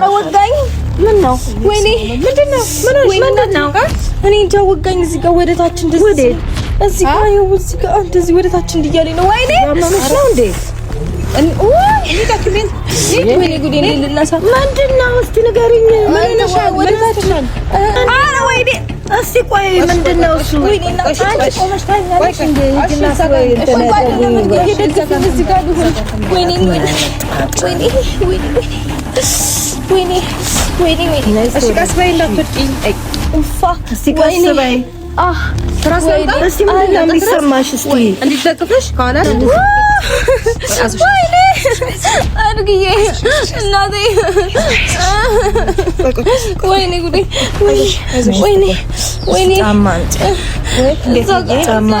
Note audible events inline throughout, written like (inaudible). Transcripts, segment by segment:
ኧረ ወጋኝ። ምን ነው? ወይኔ ምንድን ነው? ምን ነው? ምንድን ነው? እኔ እንጃ ወጋኝ። እዚህ ጋር ወደ ታች እንደዚህ እዚህ ጋር ይኸው እዚህ ጋር እንደዚህ ወደ ታች እንዲያለኝ ነው። ወይኔ ነው እንዴ? ምንድን ነው? እስኪ ንገሪኝ። ወይኔ ወይኔ ወይኔ እሺ፣ ቀስ በይ እንዳትወጪኝ። ኡፋ እስቲ ቀስ በይ። አህ ትራስ ላይ እስቲ ምን እንደሚሰማሽ እስቲ እንዲደቅፍሽ ከኋላ ወይኔ አድርግዬ እናቴ ወይኔ ጉዴ ወይኔ ወይኔ ጫማ ጫማ ጫማ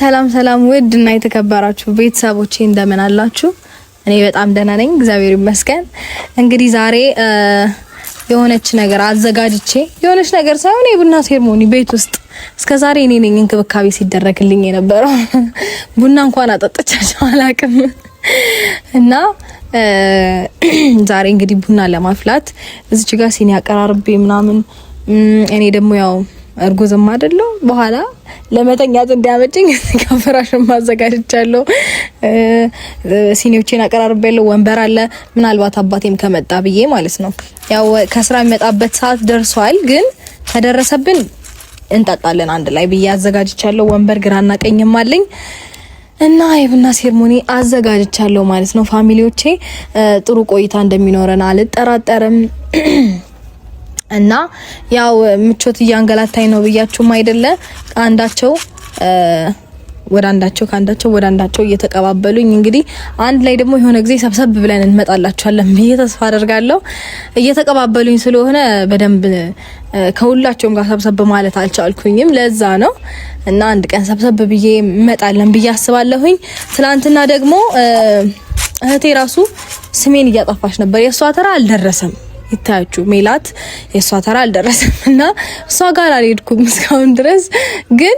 ሰላም ሰላም፣ ውድ እና የተከበራችሁ ቤተሰቦቼ እንደምን አላችሁ? እኔ በጣም ደህና ነኝ፣ እግዚአብሔር ይመስገን። እንግዲህ ዛሬ የሆነች ነገር አዘጋጅቼ የሆነች ነገር ሳይሆን የቡና ሴርሞኒ ቤት ውስጥ እስከ ዛሬ እኔ ነኝ እንክብካቤ ሲደረግልኝ የነበረው። (laughs) ቡና እንኳን አጠጥቻቸው አላቅም እና ዛሬ እንግዲህ ቡና ለማፍላት እዚች ጋር ሲኒ አቀራርቤ ምናምን እኔ ደግሞ ያው እርጉዝም አይደለሁ። በኋላ ለመተኛት እንዲያመጭኝ ከፍራሽ ማዘጋጅቻለሁ። ሲኒዎችን አቀራርቤያለሁ። ወንበር አለ። ምናልባት አባቴም ከመጣ ብዬ ማለት ነው። ያው ከስራ የሚመጣበት ሰዓት ደርሷል። ግን ከደረሰብን እንጠጣለን አንድ ላይ ብዬ አዘጋጅቻለሁ። ወንበር ግራና ቀኝም አለኝ እና የቡና ሴርሞኒ አዘጋጅቻለሁ ማለት ነው። ፋሚሊዎቼ ጥሩ ቆይታ እንደሚኖረን አልጠራጠርም። (clears throat) እና ያው ምቾት እያንገላታኝ ነው ብያችሁም አይደለ? አንዳቸው ወደ አንዳቸው ከአንዳቸው ወደ አንዳቸው እየተቀባበሉኝ እንግዲህ አንድ ላይ ደግሞ የሆነ ጊዜ ሰብሰብ ብለን እንመጣላችኋለን ብዬ ተስፋ አደርጋለሁ። እየተቀባበሉኝ ስለሆነ በደንብ ከሁላቸውም ጋር ሰብሰብ ማለት አልቻልኩኝም። ለዛ ነው እና አንድ ቀን ሰብሰብ ብዬ እመጣለን ብዬ አስባለሁኝ። ትናንትና ደግሞ እህቴ ራሱ ስሜን እያጠፋች ነበር። የእሷ ተራ አልደረሰም። ይታያችሁ ሜላት የእሷ ተራ አልደረሰም እና እሷ ጋር አልሄድኩም እስካሁን ድረስ ግን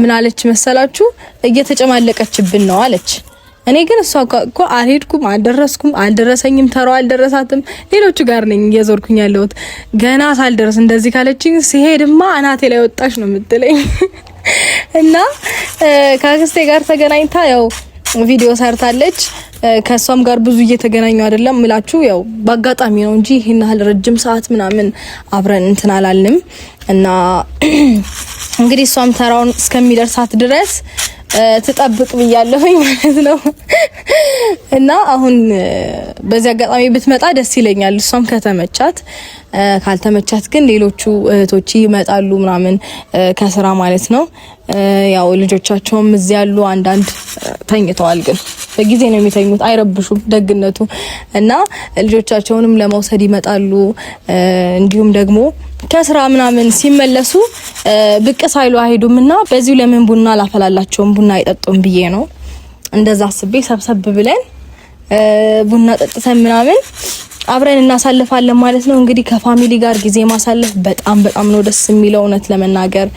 ምን አለች መሰላችሁ እየተጨማለቀችብን ነው አለች እኔ ግን እሷ እኮ አልሄድኩም አልደረስኩም አልደረሰኝም ተራው አልደረሳትም ሌሎቹ ጋር ነኝ እየዞርኩኝ ያለሁት ገና ሳልደረስ እንደዚህ ካለችኝ ሲሄድማ አናቴ ላይ ወጣሽ ነው የምትለኝ (laughs) እና ከአክስቴ ጋር ተገናኝታ ያው ቪዲዮ ሰርታለች። ከእሷም ጋር ብዙ እየተገናኙ አይደለም ምላችሁ ያው በአጋጣሚ ነው እንጂ ይህን ያህል ረጅም ሰዓት ምናምን አብረን እንትን አላልንም እና (clears throat) እንግዲህ እሷም ተራውን እስከሚደርሳት ድረስ ትጠብቅ ብያለሁኝ (laughs) ማለት ነው። እና አሁን በዚህ አጋጣሚ ብትመጣ ደስ ይለኛል። እሷም ከተመቻት፣ ካልተመቻት ግን ሌሎቹ እህቶች ይመጣሉ ምናምን ከስራ ማለት ነው። ያው ልጆቻቸውም እዚህ ያሉ አንዳንድ ተኝተዋል፣ ግን በጊዜ ነው የሚተኙት፣ አይረብሹም። ደግነቱ እና ልጆቻቸውንም ለመውሰድ ይመጣሉ። እንዲሁም ደግሞ ከስራ ምናምን ሲመለሱ ብቅ ሳይሉ አይሄዱም እና በዚሁ ለምን ቡና አላፈላላቸውም ቡና አይጠጡም ብዬ ነው እንደዛ አስቤ ሰብሰብ ብለን ቡና ጠጥተን ምናምን አብረን እናሳልፋለን ማለት ነው። እንግዲህ ከፋሚሊ ጋር ጊዜ ማሳለፍ በጣም በጣም ነው ደስ የሚለው። እውነት ለመናገር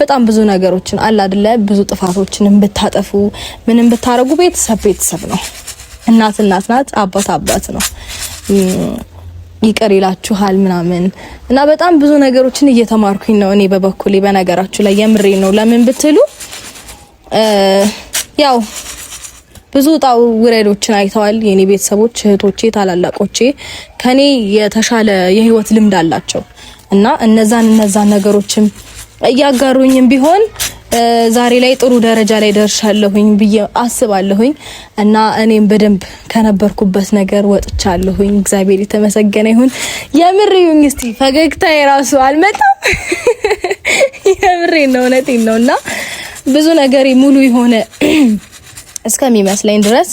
በጣም ብዙ ነገሮችን አለ አይደለ፣ ብዙ ጥፋቶችንም ብታጠፉ ምንም ብታረጉ ቤተሰብ ቤተሰብ ነው። እናት እናት ናት፣ አባት አባት ነው። ይቅር ይላችኋል ምናምን እና በጣም ብዙ ነገሮችን እየተማርኩኝ ነው እኔ በበኩሌ። በነገራችሁ ላይ የምሬ ነው። ለምን ብትሉ ያው ብዙ ውጣ ውረዶችን አይተዋል። የኔ ቤተሰቦች፣ እህቶቼ፣ ታላላቆቼ ከኔ የተሻለ የህይወት ልምድ አላቸው እና እነዛን እነዛን ነገሮችም እያጋሩኝም ቢሆን ዛሬ ላይ ጥሩ ደረጃ ላይ ደርሻለሁኝ ብዬ አስባለሁኝ እና እኔም በደንብ ከነበርኩበት ነገር ወጥቻለሁኝ። እግዚአብሔር የተመሰገነ ይሁን። የምሬን እስቲ ፈገግታ የራሱ አልመጣም። (laughs) የምሬን ነው፣ እውነቴን ነው እና ብዙ ነገር ሙሉ የሆነ እስከሚመስለኝ ድረስ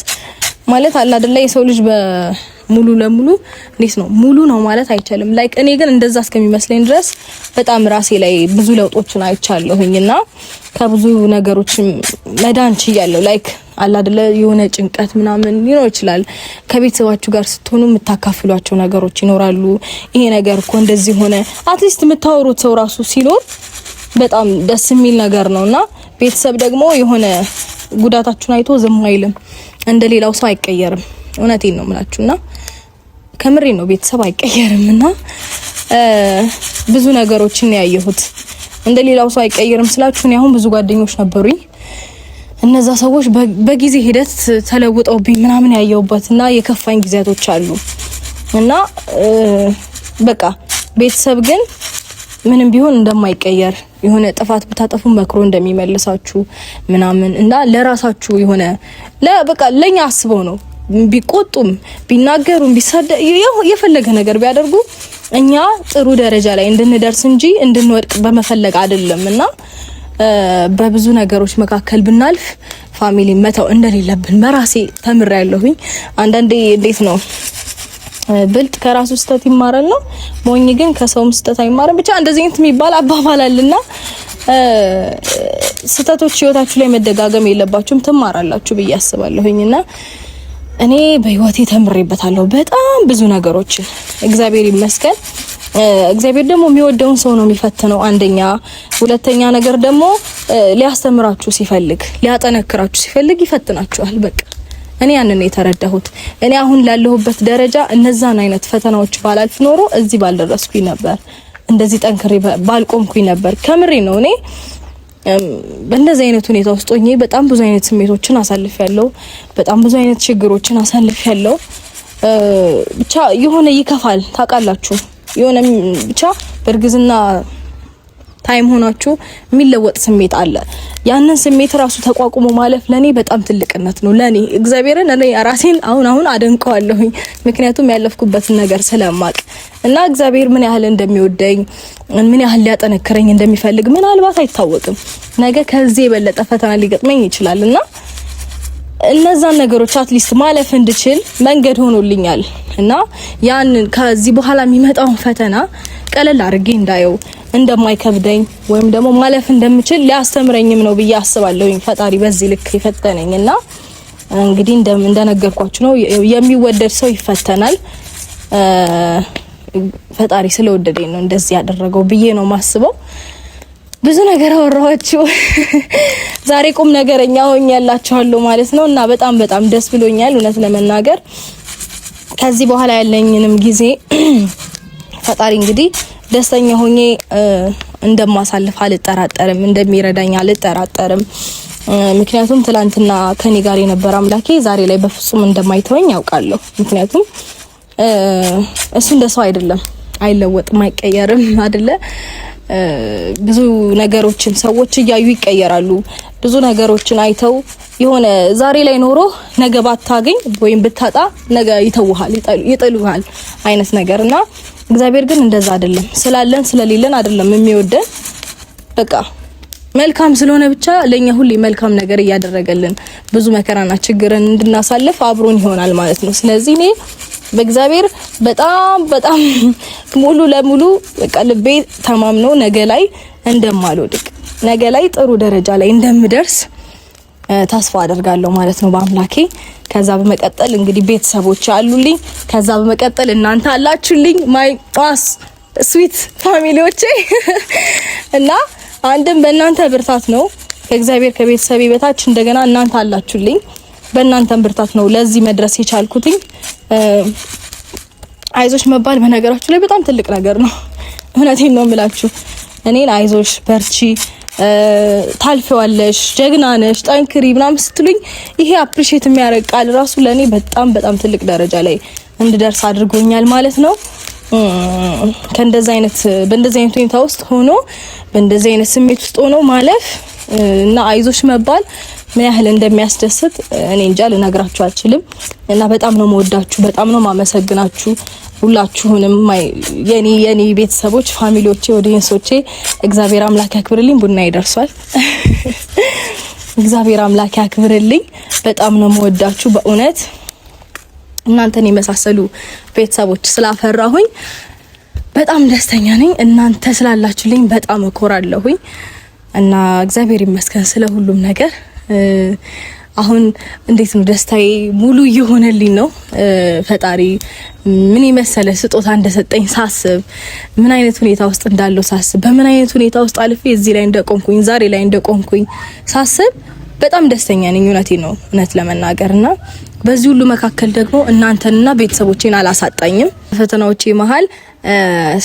ማለት አለ አይደለ የሰው ልጅ በሙሉ ለሙሉ እንዴት ነው ሙሉ ነው ማለት አይቻልም። ላይክ እኔ ግን እንደዛ እስከሚመስለኝ ድረስ በጣም ራሴ ላይ ብዙ ለውጦችን አይቻለሁኝና ከብዙ ነገሮችም መዳን ችያለሁ። ላይክ አለ አይደለ የሆነ ጭንቀት ምናምን ሊኖር ይችላል። ከቤተሰባችሁ ጋር ስትሆኑ የምታካፍሏቸው ነገሮች ይኖራሉ። ይሄ ነገር እኮ እንደዚህ ሆነ አትሊስት የምታወሩት ሰው ራሱ ሲኖር በጣም ደስ የሚል ነገር ነው እና ቤተሰብ ደግሞ የሆነ ጉዳታችሁን አይቶ ዝም አይልም፣ እንደ ሌላው ሰው አይቀየርም። እውነቴን ነው የምላችሁ እና ከምሬ ነው ቤተሰብ አይቀየርም እና ብዙ ነገሮችን ያየሁት እንደ ሌላው ሰው አይቀየርም ስላችሁ እኔ አሁን ብዙ ጓደኞች ነበሩኝ። እነዛ ሰዎች በጊዜ ሂደት ተለውጠውብኝ ምናምን ያየሁበት እና የከፋኝ ጊዜያቶች አሉ እና በቃ ቤተሰብ ግን ምንም ቢሆን እንደማይቀየር የሆነ ጥፋት ብታጠፉ መክሮ እንደሚመልሳችሁ ምናምን እና ለራሳችሁ የሆነ ለበቃ ለኛ አስበው ነው። ቢቆጡም ቢናገሩም ቢሳደ የፈለገ ነገር ቢያደርጉ እኛ ጥሩ ደረጃ ላይ እንድንደርስ እንጂ እንድንወድቅ በመፈለግ አይደለም እና በብዙ ነገሮች መካከል ብናልፍ ፋሚሊ መተው እንደሌለብን በራሴ ተምሬያለሁኝ። አንዳንዴ እንዴት ነው ብልጥ ከራሱ ስህተት ይማራል ነው፣ ሞኝ ግን ከሰውም ስህተት አይማርም። ብቻ እንደዚህ እንት የሚባል አባባል አለና ስህተቶች ህይወታችሁ ላይ መደጋገም የለባችሁም፣ ትማራላችሁ ብዬ አስባለሁኝና እኔ በህይወቴ ተምሬበታለሁ በጣም ብዙ ነገሮችን እግዚአብሔር ይመስገን። እግዚአብሔር ደግሞ የሚወደውን ሰው ነው የሚፈትነው። አንደኛ፣ ሁለተኛ ነገር ደግሞ ሊያስተምራችሁ ሲፈልግ ሊያጠነክራችሁ ሲፈልግ ይፈትናችኋል። በቃ እኔ ያንን የተረዳሁት እኔ አሁን ላለሁበት ደረጃ እነዛን አይነት ፈተናዎች ባላልፍ ኖሮ እዚህ ባልደረስኩኝ ነበር፣ እንደዚህ ጠንክሬ ባልቆምኩኝ ነበር። ከምሬ ነው። እኔ በእንደዚህ አይነት ሁኔታ ውስጥ ሆኜ በጣም ብዙ አይነት ስሜቶችን አሳልፍ ያለው፣ በጣም ብዙ አይነት ችግሮችን አሳልፍ ያለው። ብቻ የሆነ ይከፋል፣ ታውቃላችሁ። የሆነ ብቻ በእርግዝና ታይም ሆናችሁ የሚለወጥ ስሜት አለ። ያንን ስሜት ራሱ ተቋቁሞ ማለፍ ለኔ በጣም ትልቅነት ነው። ለኔ እግዚአብሔርን እኔ ራሴን አሁን አሁን አደንቀዋለሁኝ፣ ምክንያቱም ያለፍኩበትን ነገር ስለማቅ እና እግዚአብሔር ምን ያህል እንደሚወደኝ ምን ያህል ሊያጠነክረኝ እንደሚፈልግ ምናልባት አይታወቅም። ነገ ከዚህ የበለጠ ፈተና ሊገጥመኝ ይችላል እና እነዛን ነገሮች አትሊስት ማለፍ እንድችል መንገድ ሆኖልኛል እና ያንን ከዚህ በኋላ የሚመጣውን ፈተና ቀለል አድርጌ እንዳየው እንደማይከብደኝ ወይም ደግሞ ማለፍ እንደምችል ሊያስተምረኝም ነው ብዬ አስባለሁኝ። ፈጣሪ በዚህ ልክ ይፈተነኝ እና እንግዲህ እንደነገርኳችሁ ነው፣ የሚወደድ ሰው ይፈተናል። ፈጣሪ ስለወደደኝ ነው እንደዚህ ያደረገው ብዬ ነው ማስበው። ብዙ ነገር አወራኋችሁ። (laughs) ዛሬ ቁም ነገረኛ ሆኛላችኋለሁ ማለት ነው እና በጣም በጣም ደስ ብሎኛል እውነት ለመናገር ከዚህ በኋላ ያለኝንም ጊዜ (clears throat) ፈጣሪ እንግዲህ ደስተኛ ሆኜ እንደማሳልፍ አልጠራጠርም፣ እንደሚረዳኝ አልጠራጠርም። ምክንያቱም ትላንትና ከኔ ጋር የነበረ አምላኬ ዛሬ ላይ በፍጹም እንደማይተወኝ ያውቃለሁ። ምክንያቱም እሱ እንደ ሰው አይደለም፣ አይለወጥም፣ አይቀየርም አይደለ ብዙ ነገሮችን ሰዎች እያዩ ይቀየራሉ። ብዙ ነገሮችን አይተው የሆነ ዛሬ ላይ ኖሮ ነገ ባታገኝ ወይም ብታጣ ነገ ይተውሃል፣ ይጥሉሃል አይነት ነገር እና እግዚአብሔር ግን እንደዛ አይደለም። ስላለን ስለሌለን አይደለም የሚወደን በቃ መልካም ስለሆነ ብቻ ለኛ ሁሌ መልካም ነገር እያደረገልን ብዙ መከራና ችግርን እንድናሳልፍ አብሮን ይሆናል ማለት ነው። ስለዚህ እኔ በእግዚአብሔር በጣም በጣም (laughs) ሙሉ ለሙሉ በቃ ልቤ ተማምኖ ነገ ላይ እንደማልወድቅ ነገ ላይ ጥሩ ደረጃ ላይ እንደምደርስ ተስፋ አደርጋለሁ ማለት ነው በአምላኬ። ከዛ በመቀጠል እንግዲህ ቤተሰቦች አሉልኝ። ከዛ በመቀጠል እናንተ አላችሁልኝ ማይ ስዊት ፋሚሊዎቼ (laughs) እና አንድም በእናንተ ብርታት ነው ከእግዚአብሔር ከቤተሰቤ በታች እንደገና እናንተ አላችሁልኝ። በእናንተም ብርታት ነው ለዚህ መድረስ የቻልኩትኝ። አይዞሽ መባል በነገራችሁ ላይ በጣም ትልቅ ነገር ነው። (laughs) እውነቴን ነው የምላችሁ። እኔን አይዞሽ፣ በርቺ፣ ታልፊዋለሽ፣ ጀግና ነሽ፣ ጠንክሪ ምናምን ስትሉኝ ይሄ አፕሪሼት የሚያደርግ ቃል ራሱ ለእኔ በጣም በጣም ትልቅ ደረጃ ላይ እንድደርስ አድርጎኛል ማለት ነው። ከእንደዚ አይነት በእንደዚህ አይነት ሁኔታ ውስጥ ሆኖ በእንደዚህ አይነት ስሜት ውስጥ ሆኖ ማለፍ እና አይዞሽ መባል ምን ያህል እንደሚያስደስት እኔ እንጃ ልነግራችሁ አልችልም። እና በጣም ነው መወዳችሁ፣ በጣም ነው ማመሰግናችሁ ሁላችሁንም የኔ የኔ ቤተሰቦች፣ ፋሚሊዎቼ፣ ወዲንሶቼ እግዚአብሔር አምላክ ያክብርልኝ። ቡና ይደርሷል። (laughs) እግዚአብሔር አምላክ ያክብርልኝ። በጣም ነው መወዳችሁ በእውነት እናንተን የመሳሰሉ ቤተሰቦች ስላፈራሁኝ በጣም ደስተኛ ነኝ። እናንተ ስላላችሁልኝ በጣም እኮራለሁኝ እና እግዚአብሔር ይመስገን ስለ ሁሉም ነገር። አሁን እንዴት ነው ደስታዬ ሙሉ እየሆነልኝ ነው። ፈጣሪ ምን የመሰለ ስጦታ እንደሰጠኝ ሳስብ፣ ምን አይነት ሁኔታ ውስጥ እንዳለው ሳስብ፣ በምን አይነት ሁኔታ ውስጥ አልፌ እዚህ ላይ እንደቆምኩኝ ዛሬ ላይ እንደቆምኩኝ ሳስብ በጣም ደስተኛ ነኝ። እውነቴ ነው እውነት ለመናገር እና በዚህ ሁሉ መካከል ደግሞ እናንተንና ቤተሰቦቼን አላሳጣኝም። ፈተናዎቼ መሀል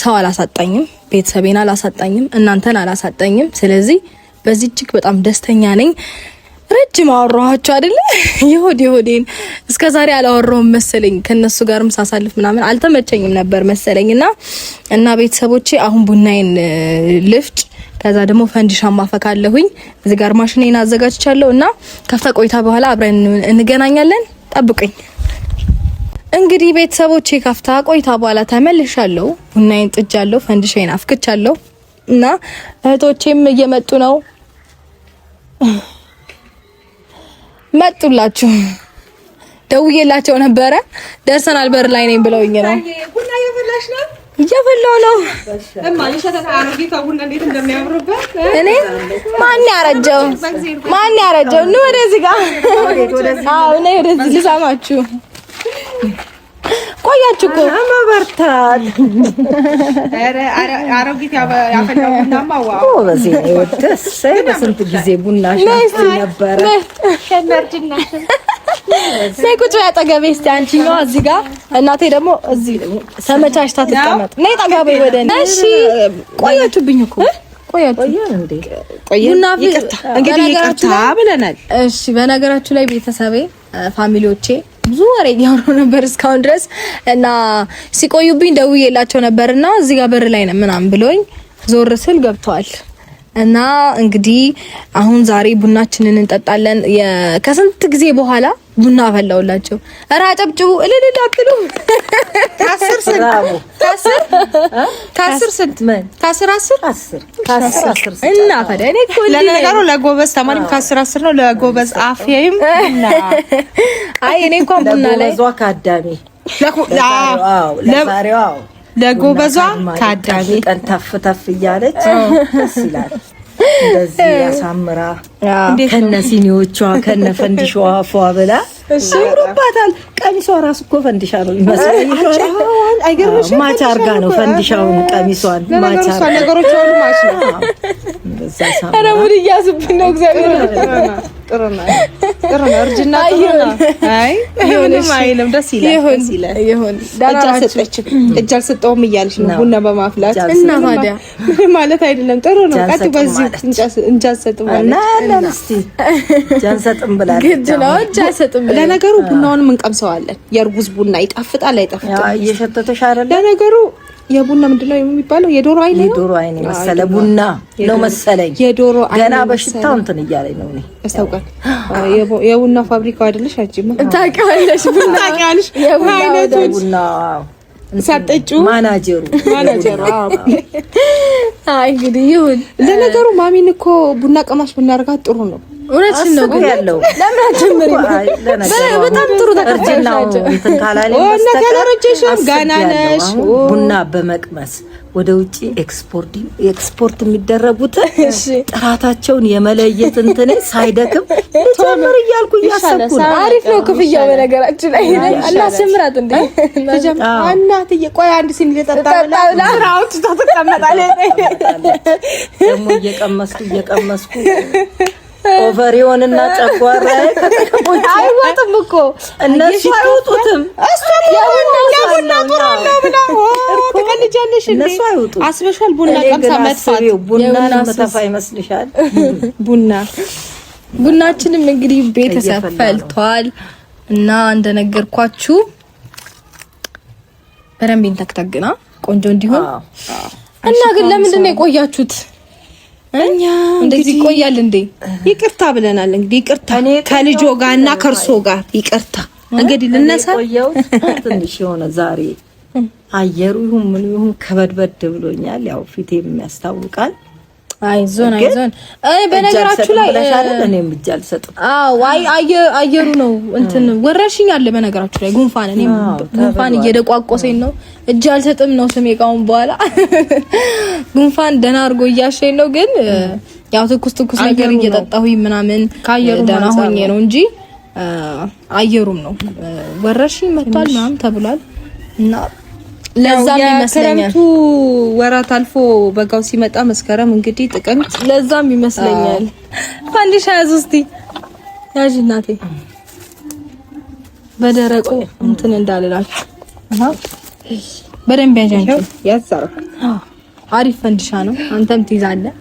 ሰው አላሳጣኝም፣ ቤተሰቤን አላሳጣኝም፣ እናንተን አላሳጣኝም። ስለዚህ በዚህ እጅግ በጣም ደስተኛ ነኝ። ረጅም አወራኋቸው አይደለ? (laughs) የሆድ የሆዴን እስከ ዛሬ አላወራውም መሰለኝ። ከነሱ ጋርም ሳሳልፍ ምናምን አልተመቸኝም ነበር መሰለኝ እና እና ቤተሰቦቼ አሁን ቡናዬን ልፍጭ ከዛ ደግሞ ፈንዲሻ ማፈካለሁኝ። እዚህ ጋር ማሽኔን አዘጋጅቻለሁ እና ከፍታ ቆይታ በኋላ አብረን እንገናኛለን። ጠብቁኝ። እንግዲህ ቤተሰቦቼ ከፍታ ቆይታ በኋላ ተመልሻለሁ። ቡናዬን ጥጃለሁ፣ ፈንዲሻዬን አፍክቻለሁ እና እህቶቼም እየመጡ ነው። መጡላችሁ። ደውዬላቸው ነበረ። ደርሰናል በር ላይ ነኝ ብለውኝ ነው። እየፈላሁ ነው። እኔ ማን ያረጀው ማን ያረጀው? ወደዚህ ጋር ወደዚህ ልሳማችሁ ቆያችሁ እኮ መበርታት በስንት ጊዜ ቡና ነበረ። ነይ ቁጭ በይ አጠገቤ። እስኪ አንቺኛዋ እዚህ ጋር እናቴ ደግሞ እዚህ ተመቻችታ ትቀመጥ። ነይ ጠገቤ ወደ እኔ። እሺ ቆያችሁብኝ እኮ ቆያችሁ ብለናል። እሺ በነገራችሁ ላይ ቤተሰቤ ፋሚሊዎቼ ብዙ ወሬ እያወሩ ነበር እስካሁን ድረስ እና ሲቆዩብኝ ደውዬላቸው ነበርና እዚህ ጋር በር ላይ ነው ምናምን ብሎኝ ዞር ስል ገብተዋል። እና እንግዲህ አሁን ዛሬ ቡናችንን እንጠጣለን። ከስንት ጊዜ በኋላ ቡና አፈላውላቸው። ኧረ አጨብጭቡ፣ እልል አትሉ። ከአስር ስንት ከአስር ስንት ከአስር አስር እና ፈላ እኔ እኮ ለነገሩ ለጎበዝ ተማሪም ከአስር አስር ነው ለጎበዝ አፍያይም። አይ እኔ እንኳን ቡና ላይ ለጎበዟ ከአዳሜ ለጎበዟ ታዳሚ ቀን ተፍ ተፍ እያለች ደስ ይላል። እንደዚህ ያሳምራ ከነ ሲኒዎቿ ከነ ፈንዲሻዋ ፏ ብላ ሰምሮባታል። ቀሚሷ ራሱ እኮ ፈንዲሻ ነው ይመስለኝ። ማች አርጋ ነው ፈንዲሻውን ቀሚሷን ማች ነገሮች ሁሉ ማች ነው። ኧረ ሙድ እያዝብን ነው እግዚአብሔር ጥሩ ነው፣ ጥሩ ነው። እርጅና ጥሩ ነው። አይ ይሁንም አይልም ደስ ይላል፣ ደስ ይላል። ይሁን እጅ አልሰጠውም ነው ቡና በማፍላት እና ታዲያ (laughs) ማለት አይደለም። ጥሩ ነው። ቀጥ በዚህ አልሰጥም እና አልሰጥም ብላለች። ግድ ነው እጅ አልሰጥም። ለነገሩ የእርጉዝ ቡና ይጣፍጣል አይጣፍጥም? እየሸተተሽ ለነገሩ የቡና ምንድን ነው የሚባለው? የዶሮ አይን የዶሮ አይን መሰለ ቡና ነው መሰለኝ። የዶሮ አይን ገና በሽታው እንትን እያለኝ ነው እኔ አስታውቃል። የቡና ፋብሪካ አይደለሽ አንቺ ታውቂዋለሽ። ቡና ታውቂዋለሽ። የቡና ቡና ሳጠጩ ማናጀሩ ማናጀሩ። (laughs) አይ እንግዲህ ይሁን። ለነገሩ ማሚን እኮ ቡና ቀማሽ ብናደርጋት ጥሩ ነው እውነትሽን ነው። ግን ያለው ለምን አትጀምሪም? በጣም ጥሩ ገና ነሽ። ቡና በመቅመስ ወደ ውጪ ኤክስፖርት የሚደረጉት ጥራታቸውን የመለየት እንትኔ ሳይደክም ተጀምር እያልኩ እያሰብኩ ነው። አሪፍ ነው ክፍያ። በነገራችን ላይ እናስምራት እንዴ ተጀምር እናትዬ፣ ቆይ አንድ ሲኒ ተጠጣ። ደግሞ እየቀመስኩ እየቀመስኩ ኦቨሪዮንና ጨጓራ አይወጥም እኮ እነሱ አይወጡትም። አስበሻል። ቡና ቀምሳ መጥፋት ቡና መተፋ ይመስልሻል? ቡና ቡናችንም እንግዲህ ቤተሰብ ፈልቷል እና እንደነገርኳችሁ በደንብ ተክተግና ቆንጆ እንዲሆን እና ግን ለምንድን ነው የቆያችሁት? እኛ እንደዚህ ይቆያል እንዴ? ይቅርታ ብለናል። እንግዲህ ይቅርታ ከልጆ ጋር እና ከእርሶ ጋር ይቅርታ። እንግዲህ ልነሳ ቆየው (laughs) ትንሽ የሆነ ዛሬ አየሩ ይሁን ምን ይሁን ከበድበድ ብሎኛል። ያው ፊቴም ያስታውቃል። አይዞን አይዞን። በነገራችሁ ላይ አይ አየሩ ነው እንትን ወረርሽኝ አለ። በነገራችሁ ላይ ጉንፋን እኔ ጉንፋን እየደቋቆሰኝ ነው። እጅ አልሰጥም ነው ስሜ ቃውን በኋላ (laughs) ጉንፋን ደህና አድርጎ እያሸኝ ነው። ግን ያው ትኩስ ትኩስ ነገር እየጠጣሁኝ ምናምን ካየሩ ደህና ሆኜ ነው እንጂ አየሩም ነው ወረርሽኝ መጥቷል ምናምን ተብሏል እና ለዛም ይመስለኛል ክረምቱ ወራት አልፎ በጋው ሲመጣ መስከረም እንግዲህ ጥቅምት፣ ለዛም ይመስለኛል ፋንዲሻ ያዙ እስቲ ያዥ እናቴ በደረቁ እንትን እንዳልላችሁ በደንብ ያዣንቺ ያሳሩ አሪፍ ፈንዲሻ ነው። አንተም ትይዛለህ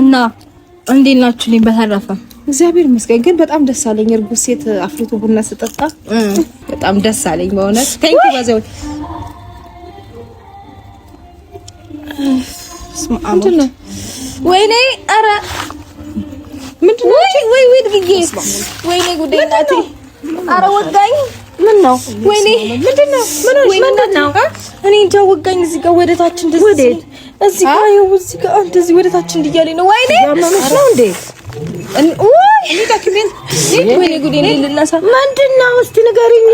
እና እንዴት ናችሁ? በተረፈም እግዚአብሔር ይመስገን ግን በጣም ደስ አለኝ። እርጉዝ ሴት አፍልቶ ቡና ስጠጣ በጣም ደስ አለኝ በእውነት ቴንክ ዩ ባዘው ወይኔ ኧረ ምንድን ነው ወይ ወይ ድግዬ ወይኔ ጉዳይ ናቲ ኧረ ወጋኝ ምን ነው ወይኔ ምንድን ነው ምንድን ነው እኔ እንጃ ወጋኝ እዚህ ጋር ወደ ታች እንደዚህ እዚህ ጋር ይኸው እዚህ ጋር እንደዚህ ወደ ታች እንዲያለኝ ነው ወይኔ ነው እንዴ ምንድን ነው እስኪ ንገሪኝ።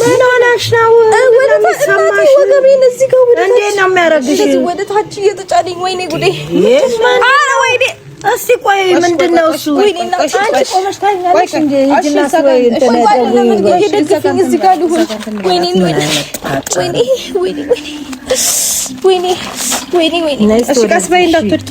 ምን ሆነሽ ነው? ወገቤን እዚህ ጋር እንዴት ነው የሚያደርግሽ? ወደ ታች እየተጫነኝ ወይኔ ጉዴ! ኧረ ወይኔ እስቲ ቆይ፣ ምንድን ነው እሱ? አንቺ ቆመሽ ታኛለሽ እንደ ሂጂና ስበይ እንትን እየደገፈኝ እዚህ ጋር ልሁን። ወይኔ ወይኔ ወይኔ ወይኔ ወይኔ ወይኔ ወይኔ። እሺ ቀስ በይ እንዳትወድቂ።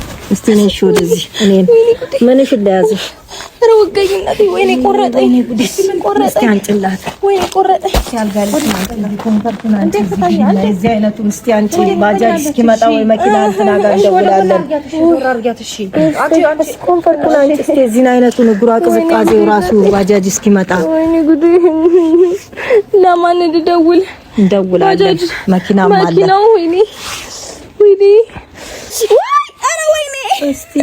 እስቲ ነሽ ወደዚህ እኔን ምንሽ እንዳያዝሽ። ኧረ ወጋኝ ወይኔ ቆረጠኝ፣ እኔ ጉዴ ቆረጠኝ። እስቲ አንጭላት፣ ወይኔ ቆረጠኝ። እንደዚህ አይነቱን እስቲ አንቺ ባጃጅ እስኪመጣ ወይ መኪና እንትን ጋር እንደውላለን። ኮንፈርቱን አንቺ እስቲ እዚህን አይነቱን እግሯ ቅዝቃዜው ራሱ ባጃጅ እስኪመጣ ወይኔ ጉዴ። ለማን ልደውል? እንደውላለን። መኪናም አለ እስቲ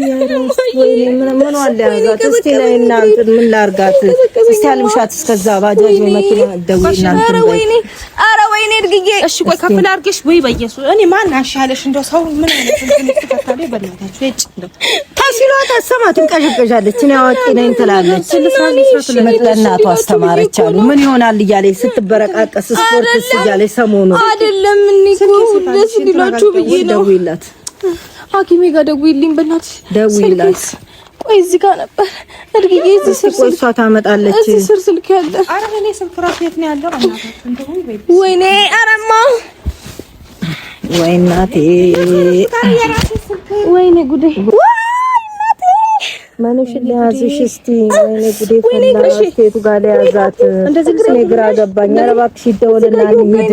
ምን አለ ያዛት እስቲ ላይ እና ምን ላርጋት ምን አይነት እንትን ተፈታለ በእናታችሁ ይሆናል እያለች ስትበረቃቀስ ስፖርት እያለች ሰሞኑን አይደለም እኔ እኮ ደስ ሊሏችሁ ብዬ ነው ደውይላት ሐኪሜ ጋር ደውዪልኝ በእናትሽ ደውዪላት። ቆይ እዚህ ጋር ነበር እድግዬ፣ እዚህ ስር ስልክ እሷ ታመጣለች። እዚህ ስር ስልክ ያለ ኧረ እኔ ስልክ እራሱ የት ነው ያለው? ወይኔ አረማ ወይ እናቴ፣ ወይኔ ጉዴ፣ መኑሽን ሊያዝሽ እስቲ። ወይኔ ጉዴ ፈላ፣ እስቴቱ ጋር ሊያዛት። እንደዚህ ግራ ገባኝ። ኧረ እባክሽ ይደወልና ሂድ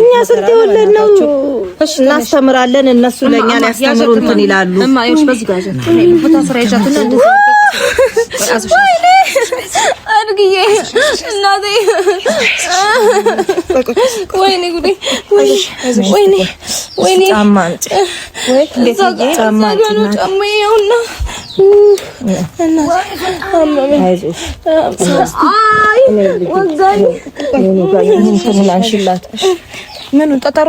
እኛ ስንት የወለድ ነው እናስተምራለን። እነሱ ለእኛ ያስተምሩ እንትን ይላሉ። እማ ይኸውልሽ በዚህ ጋር አድርግዬ እናቴ፣ ወይኔ ጉዴ፣ ወይኔ ወይኔ፣ ጫማዬ ያውና አይ ወጋኝ። ምኑን ጠጠሩ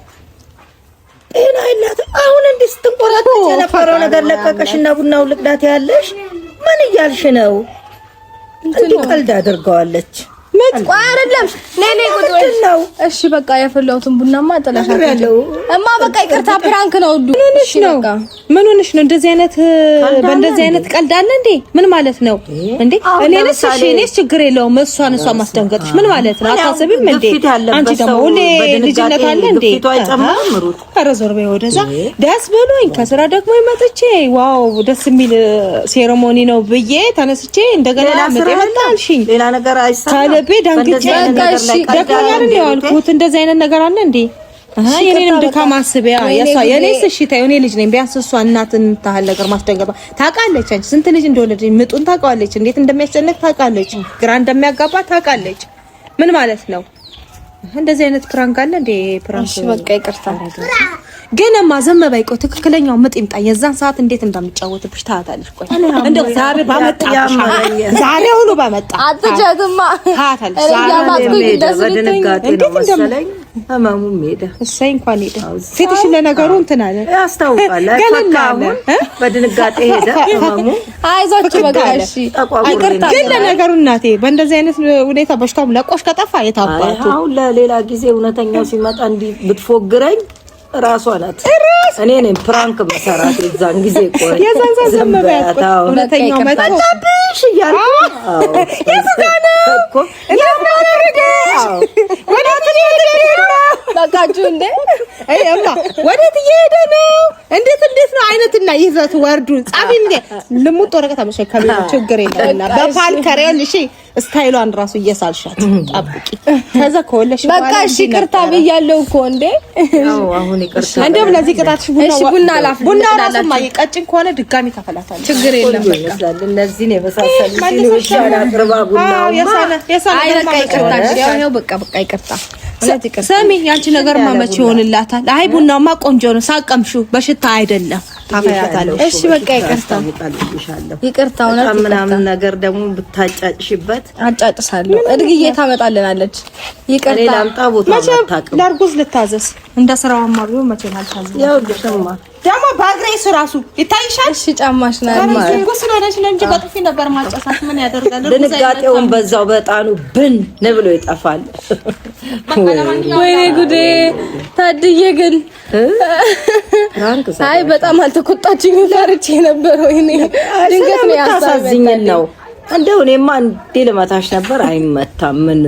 ጤና የላትም። አሁን እንዲህ ስትንቆራጠች የነበረው ነገር ለቀቀሽና ቡናው ልቅዳት ያለሽ ምን እያልሽ ነው? እንዲህ ቀልድ አድርገዋለች። አይደለም ነይ ነይ፣ ቁጭ እሺ በቃ ያፈላሁትን ቡናማ አጠላሻለሁ። እማ በቃ ይቅርታ፣ ፕራንክ ነው ምን ሆነሽ ነው? እንደዚህ አይነት በእንደዚህ አይነት ቀልድ አለ እንዴ? ምን ማለት ነው እንዴ? እኔንስ እሺ፣ እኔስ ችግር የለውም። እሷን እሷ ማስደንገጥሽ ምን ማለት ነው? እንዴ አንቺ ደግሞ? ልጅነት አለ እንዴ? ኧረ ዞር በይ ወደዛ። ደስ ብሎኝ ከስራ ደግሞ ይመጥቼ ዋው ደስ የሚል ሴሬሞኒ ነው ብዬ ተነስቼ እንደገና መጣልሽኝ ሌላ ነገር አይሳ ዳንግጬ ደካማን ያልኩት እንደዚህ አይነት ነገር አለ እንዴ? አሃ የኔንም ድካም አስቢያ ያሷ የኔ ስሽታ የኔ ልጅ ነኝ። ቢያንስ እሷ እናት እንታህል ነገር ማስደንገባ ታውቃለች። አንቺ ስንት ልጅ እንደወለደ ምጡን ታውቃለች። እንዴት እንደሚያስጨንቅ ታውቃለች። ግራ እንደሚያጋባ ታውቃለች። ምን ማለት ነው? እንደዚህ አይነት ፕራንክ አለ እንዴ? ፕራንክ በቃ ይቅርታ። ግን እማ ዘመ በይ ትክክለኛው ምጥ ይምጣ። የዛን ሰዓት እንዴት እንደምጫወትብሽ ታያታለሽ። ቆይ እንደው ዛሬ ባመጣ ዛሬ ሁሉ ባመጣ አትጀትማ ታያታለሽ። ዛሬ እንደዚህ እንዴት እንደምሰለኝ ህመሙም ሄደ። እሰይ እንኳን ሄደ። ፊትሽ ለነገሩ እንትን አለ ያስታውቃል። ገለላሁን በድንጋጤ ሄደ ህመሙ። አይዞች በቃ እሺ። ግን ለነገሩ እናቴ በእንደዚህ አይነት ሁኔታ በሽታውም ለቆሽ ከጠፋ የታባቱ አሁን ለሌላ ጊዜ እውነተኛው ሲመጣ እንዲህ ብትፎግረኝ ራሷ ናት። እኔ ነኝ ፕራንክ መሰራት የዛን ጊዜ ወዴት እየሄደ ነው? እንዴት እንዴት ነው አይነትና ይዘት ወርዱን ጻፊ እንደ ልሙጥ ወረቀት አመሸከብ ችግር የለውና በፓልከሬን እሺ፣ ስታይሏን ራሱ እየሳልሻት ጠብቂ። ከዛ ከወለሽ በቃ እሺ፣ ቅርታ ብያለሁ እኮ እንዴ አሁን ቀጭን ከሆነ ድጋሚ ታፈላታለሽ። ችግር የለም ስሚ ያንቺ ነገር ማመች ይሆንላታል። አይ ቡናማ ቆንጆ ነው፣ ሳቀምሹ በሽታ አይደለም ታፈያታለሽ። እሺ በቃ ይቅርታ ይቅርታ። እውነት ምናምን ነገር ደግሞ ብታጫጭሽበት አጫጭሳለሁ። እድግዬ ታመጣልናለች። ይቅርታ ለእርጉዝ ልታዘዝ እንደ ስራዋማ ብሎ መቼ ደግሞ በእግሬ እራሱ ይታይሻል። እሺ ጫማሽ ነው ነው እንጂ በጥፊ ነበር ማጨሳት ምን ያደርጋል። ድንጋጤውን በዛው በጣኑ ብን ብሎ ይጠፋል። ወይኔ ጉዴ! ታድዬ ግን አይ በጣም አልተቆጣችኝ ታርቼ ነበር። ወይኔ ድንገት ነው ያሳዝኝ ነው እንደው እኔማ እንዴ ልመታሽ ነበር። አይመታም። ምን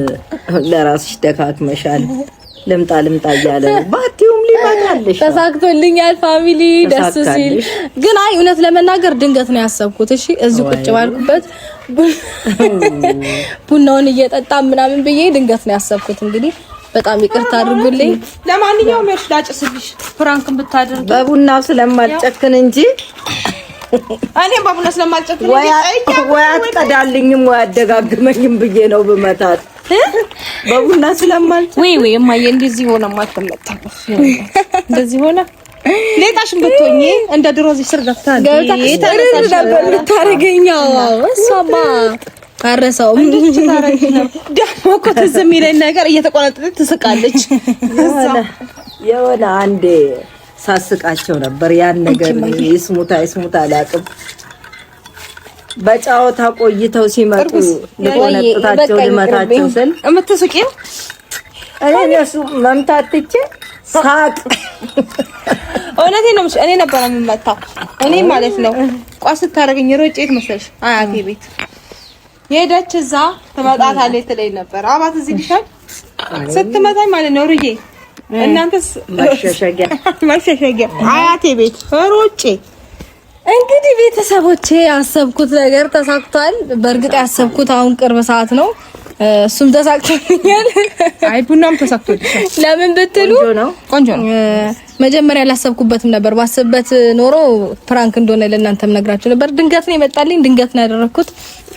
ለራስሽ ደካክመሻል። ልምጣ ልምጣ እያለ ባት ተሳክቶልኛል። ፋሚሊ ደስ ሲል ግን አይ እውነት ለመናገር ድንገት ነው ያሰብኩት። እሺ እዚሁ ቁጭ ባልኩበት ቡናውን እየጠጣ ምናምን ብዬ ድንገት ነው ያሰብኩት። እንግዲህ በጣም ይቅርታ አድርጉልኝ። ለማንኛውም ያሽ ላጭስልሽ ፍራንክን ብታደርግ በቡናው ስለማልጨክን እንጂ እኔ በቡና ስለማልጨክን ወይ አትቀዳልኝም ወይ አደጋግመኝም ብዬ ነው ብመታት በቡና ስለማል ወይ ወይ እማዬ እንደዚህ ሆነ ማተመጣ እንደዚህ ሆነ ሌጣሽን ብትሆኚ እንደ ድሮ እዚህ ስር ገብታ የምታረገኛው እሷማ አረሳውም። ደግሞ እኮ ትዝ የሚለኝ ነገር እየተቆነጠጠች ትስቃለች። የሆነ አንዴ ሳስቃቸው ነበር ያን ነገር ይስሙታ ይስሙታ አላውቅም በጫወታ ቆይተው ሲመጡ ልቆነጥታቸው ልመታቸው ስል እምትስቂ እኔ እነሱ መምታት ትቼ ሳቅ። እውነቴን ነው። እኔ ነበር የምመታው እኔ ማለት ነው። ቋስ ስታደርገኝ ሮጬ የት መሰለሽ አያቴ ቤት የሄደች እዛ ትመጣታለች ትለኝ ነበር። አባት እዚህ ልሻል ስትመታኝ ማለት ነው ሩዬ እናንተስ መሸሸጊያ መሸሸጊያ አያቴ ቤት ሮጬ እንግዲህ ቤተሰቦቼ ያሰብኩት ነገር ተሳክቷል። በእርግጥ ያሰብኩት አሁን ቅርብ ሰዓት ነው። እሱም ተሳክቶልኛል። አይ ቡናም ተሳክቶልሻል። ለምን ብትሉ ቆንጆ ነው። መጀመሪያ አላሰብኩበትም ነበር። ባስብበት ኖሮ ፕራንክ እንደሆነ ለእናንተም ነግራችሁ ነበር። ድንገት ነው የመጣልኝ፣ ድንገት ነው ያደረኩት።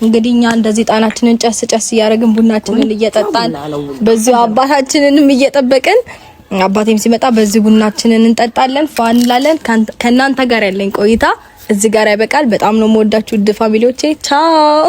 እንግዲህ እኛ እንደዚህ ጣናችንን ጨስ ጨስ እያደረግን ቡናችንን እየጠጣን በዚሁ አባታችንንም እየጠበቅን አባቴም ሲመጣ በዚህ ቡናችንን እንጠጣለን፣ ፋንላለን እንላለን። ከእናንተ ጋር ያለኝ ቆይታ እዚህ ጋር ያበቃል። በጣም ነው የምወዳችሁ ውድ ፋሚሊዎቼ። ቻው